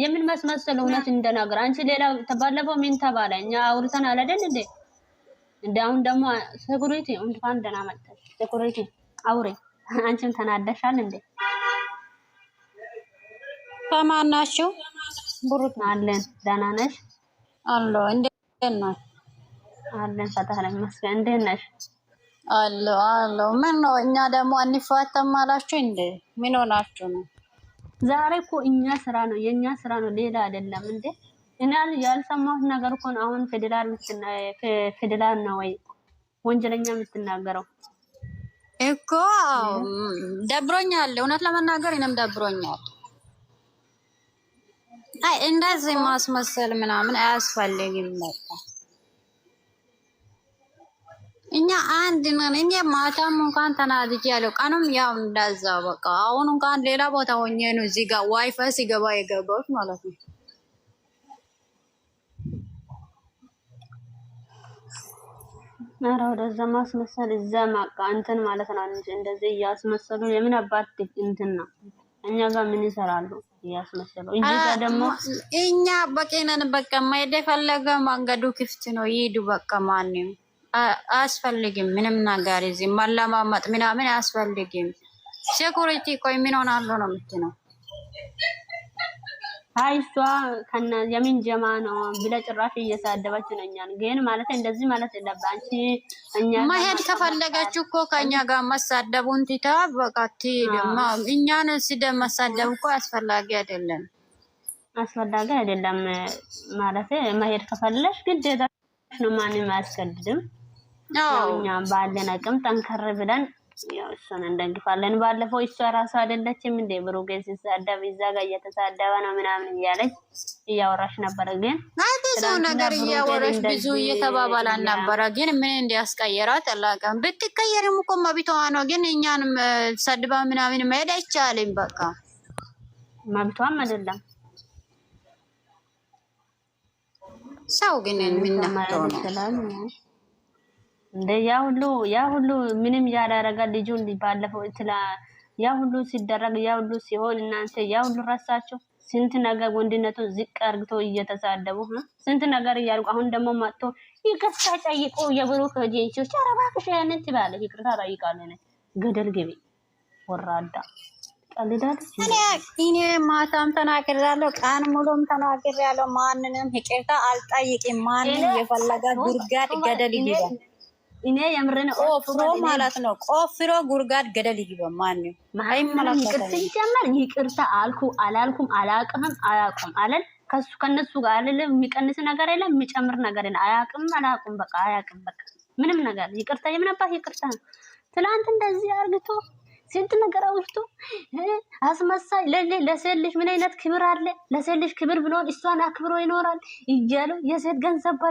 የምን መስመሰል እውነት እንደናገር አንቺ ሌላ ተባለፈው ምን ተባለ? እኛ አውርተን አላደን እንዴ? እንደ አሁን ደግሞ ሴኩሪቲ እንኳን ደህና መጣሽ። ሴኩሪቲ አውሬ አንቺም ተናደሻል እንዴ? ከማናችሁ ብሩክ አለን። ደህና ነሽ አሎ? እንዴት ነው አለን። ፈጣሪ ይመስገን። እንዴት ነሽ አሎ? አሎ ምን ነው እኛ ደግሞ አንፋተም አላችሁ እንዴ? ምን ሆናችሁ ነው? ዛሬ እኮ እኛ ስራ ነው የእኛ ስራ ነው፣ ሌላ አይደለም እንዴ። እና ያልሰማሁት ነገር እኮ ነው። አሁን ፌዴራል ፌዴራል ነው ወይ ወንጀለኛ የምትናገረው እኮ ደብሮኛል። እውነት ለመናገር እኔም ደብሮኛል። አይ እንደዚህ ማስመሰል ምናምን አያስፈልግም። እኛ አንድ ነን። እኔ ማታም እንኳን ተናድጄ ያለው ቀኑም ያው እንዳዛ በቃ አሁን እንኳን ሌላ ቦታ ሆኜ ነው እዚህ ጋር ዋይፋይ ሲገባ የገባሁት ማለት ነው። ኧረ ወደዛ ማስመሰል እዛ ማቃ እንትን ማለት ነው እንጂ እንደዚህ እያስመሰሉ የምን አባት እንትን ነው እኛ ጋር ምን ይሰራሉ? እያስመሰሉ እንጂ ጋር ደግሞ እኛ በቂ ነን። በቃ የማይደፈለገ መንገዱ ክፍት ነው። ይሂዱ በቃ ማንም አያስፈልግም። ምንም ነገር እዚህ ማለማመጥ ምናምን አያስፈልግም። ሴኩሪቲ ቆይ ምን ሆናሉ ነው የምትለው? አይ እሷ ከነ የሚን ጀማ ነው ብለ ጭራሽ እየሳደበች ነው እኛን። ግን ማለት እንደዚህ ማለት የለብህ አንቺ። እኛ መሄድ ከፈለገች እኮ ከእኛ ጋር መሳደቡን ትታ በቃቲ ደማ እኛን ስደ መሳደብ እኮ አስፈላጊ አይደለም፣ አስፈላጊ አይደለም ማለት መሄድ ከፈለሽ ግዴታ ነው፣ ማንም አያስገድድም። እኛም ባለን አቅም ጠንከር ብለን እሱን እንደግፋለን። ባለፈው እሷ ራሱ አይደለችም እንደ ብሩጌ ሲሳደብ እዛ ጋር እየተሳደበ ነው ምናምን እያለች እያወራሽ ነበረ። ግን ሰው ነገር እያወራሽ ብዙ እየተባባላን ነበረ። ግን ምን እንዲያስቀየራት አላውቅም። ብትቀየርም እኮ መብቷ ነው። ግን እኛንም ሰድባ ምናምን መሄድ አይቻልም። በቃ መብቷም አይደለም። ሰው ግን ምን ነው እንደ ያ ሁሉ ያ ሁሉ ምንም ያላረጋ ልጁን ባለፈው ስላ ያ ሁሉ ሲደረግ ያ ሁሉ ሲሆን እናንተ ያ ሁሉ ረሳችሁ። ስንት ነገር ወንድነቱ ዝቅ አርግቶ እየተሳደቡ ስንት ነገር እያርጉ አሁን ደግሞ መጥቶ ይቅርታ ጠይቆ የብሩ ጄንቾች አረባክሽ ያንን ትባለ ይቅርታ ጠይቃለ ገደል ግቢ ወራዳ ቀልዳለች። እኔ ማታም ተናግሬያለሁ፣ ቀን ሙሉም ተናግሬያለሁ። ማንንም ይቅርታ አልጠይቅም። ማንም የፈለገ ጉድጓድ ገደል ይገባል። እኔ የምርን ቆፍሮ ማለት ነው። ቆፍሮ ጉርጋድ ገደል ይግባ። ማን ማይመላ ቅርት ይጀመር። ይቅርታ አልኩ አላልኩም አላቅምም አያቁም አለን። ከሱ ከነሱ ጋር አለ የሚቀንስ ነገር የለም የሚጨምር ነገር የለም። አያቅም አላቁም በቃ አያቅም በቃ ምንም ነገር ይቅርታ የምነባት ይቅርታ ነው። ትላንት እንደዚህ አርግቶ ስንት ነገር አውርቶ አስመሳይ ለሴት ልጅ ምን አይነት ክብር አለ? ለሴት ልጅ ክብር ብሎን እሷን አክብሮ ይኖራል እያሉ የሴት ገንዘብ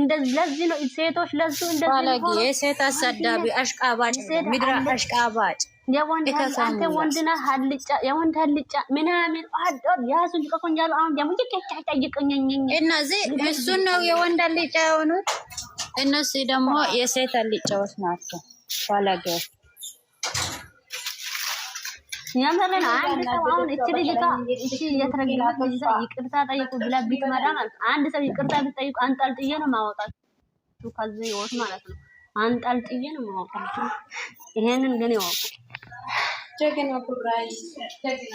እንደዚህ ለዚህ ነው ሴቶች ለሱ እንደዚህ የሴት አሳዳቢ አሽቃባጭ፣ ምድረ አሽቃባጭ የወንድ አንተ ወንድና ሀልጫ የወንድ ሀልጫ ምናምን አዶር ያሱ ልቀቆኝ ያሉ አሁን ደግሞ ይቀጫጫ ይቀኛኝ እነዚህ እሱ ነው የወንድ ሀልጫ የሆኑት እነሱ ደግሞ የሴት ሀልጫዎች ናቸው ባለጌዎች። የምርን አንድ ሰው አሁን እቺ ልጅ ጋ እሺ እየተረገመች ልጅ ይቅርታ ጠይቁ ብላ ቢትመራ ማለት ነው። አንድ ሰው ይቅርታ ቢጠይቁ አንጠልጥዬ ነው ማወጣችሁ ከዚህ ህይወት ማለት ነው። አንጠልጥዬ ነው ማወጣችሁ። ይሄንን ግን ይወቁ። ጀግና ቡራይ ጀግና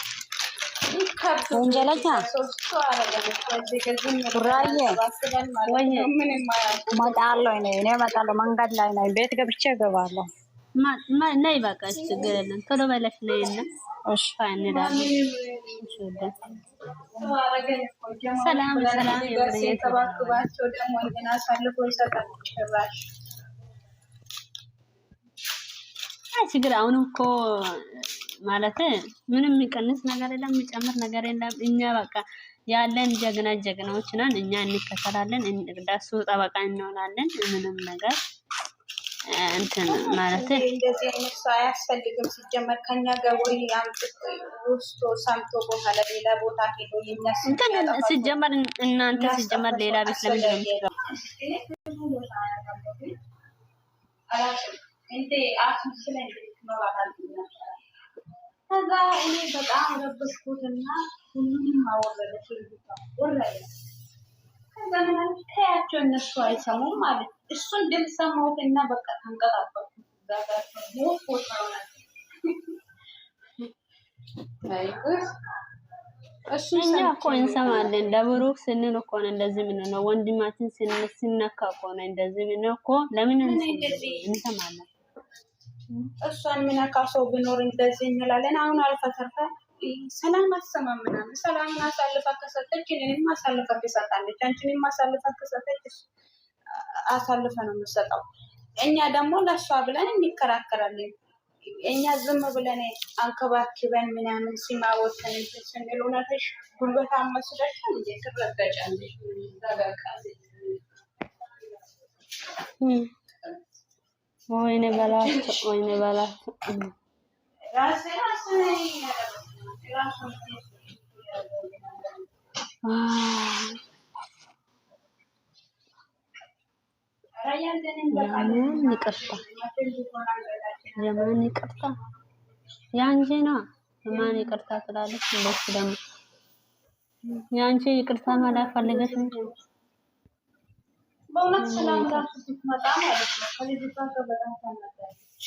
ወንጀለኛ ሱራዬ እመጣለሁ። እኔ እኔ እመጣለሁ። መንገድ ላይ ነኝ። ቤት ገብቼ እገባለሁ። ነይ በቃ ችግር የለም። ቶሎ በለሽ ነይ እና ሰላም ሰላም ችግር አሁንም እኮ ማለት ምንም የሚቀንስ ነገር የለም፣ የሚጨምር ነገር የለም። እኛ በቃ ያለን ጀግና ጀግናዎች ነን። እኛ እንከተላለን፣ ለሱ ጠበቃ እንሆናለን። ምንም ነገር እንትን ማለት እንደዚህ አይነት ሰው አያስፈልግም። ሲጀመር ከኛ ገቡሪ ወይ ውስቶ ሰምቶ ቦታ ለሌላ ቦታ ሄዶ የሚያስፈልግ ሲጀመር እናንተ ሲጀመር ሌላ ቤት ለምንድን ነው ስለ የምትገባ? ከዛ እኔ በጣም ረበሽኩትና ሁሉንም አወረደች። ልጅቷ ወረደ። ከዛ ተያቸው እነሱ አይሰሙም ማለት እሱን ድምፅ ሰማሁትና በቃ እኛ እኮ እንሰማለን። ለብሩክ ስንል እኮ ነው እንደዚህ ምን ነው ወንድማችን ስንነካ እኮ ነው እንደዚህ ምን እኮ ለምን እንሰማለን እሷን የሚነካ ሰው ብኖር እንደዚህ እንላለን። አሁን አልፋ ተርፋ ሰላም አሰማምናም ሰላምን አሳልፋ ከሰጠች እኔንም አሳልፋ ትሰጣለች፣ አንቺንም አሳልፋ ከሰጠች አሳልፈ ነው የምሰጠው። እኛ ደግሞ ለእሷ ብለን እንከራከራለን። እኛ ዝም ብለን አንከባክበን ምናምን ሲማወተን ስንል እውነትሽ ጉልበት አመስለሽ እንዴ ትረገጫለሽ። ወይኔ በላቸው ወይኔ በላቸው። የማን ይቅርታ የማን ይቅርታ ያንቺ ነው። የማን ይቅርታ ትላለች እንደሱ ደግሞ ያንቺ ይቅርታ ማለት ፈልገሽ ነው በእውነት ሰላም ራሱ ስትመጣ ማለት ነው ከልጅቷ ጋር በጣም ታናዳለች።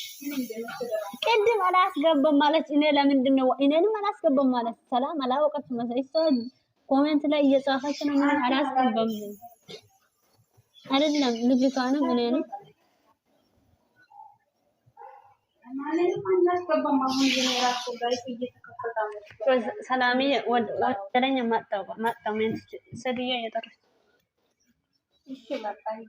ቅድም አላስገባም ማለት እኔ ለምንድን ነው እኔንም አላስገባም ማለት ሰላም አላወቀች መሰለኝ። ኮሜንት ላይ እየጻፈች ነው ምን አላስገባም አይደለም ልጅቷንም እኔንም ሰላምዬ ወደለኝ ማጣው ማጣው ሴትዮ እየጠራች 谢谢翻译。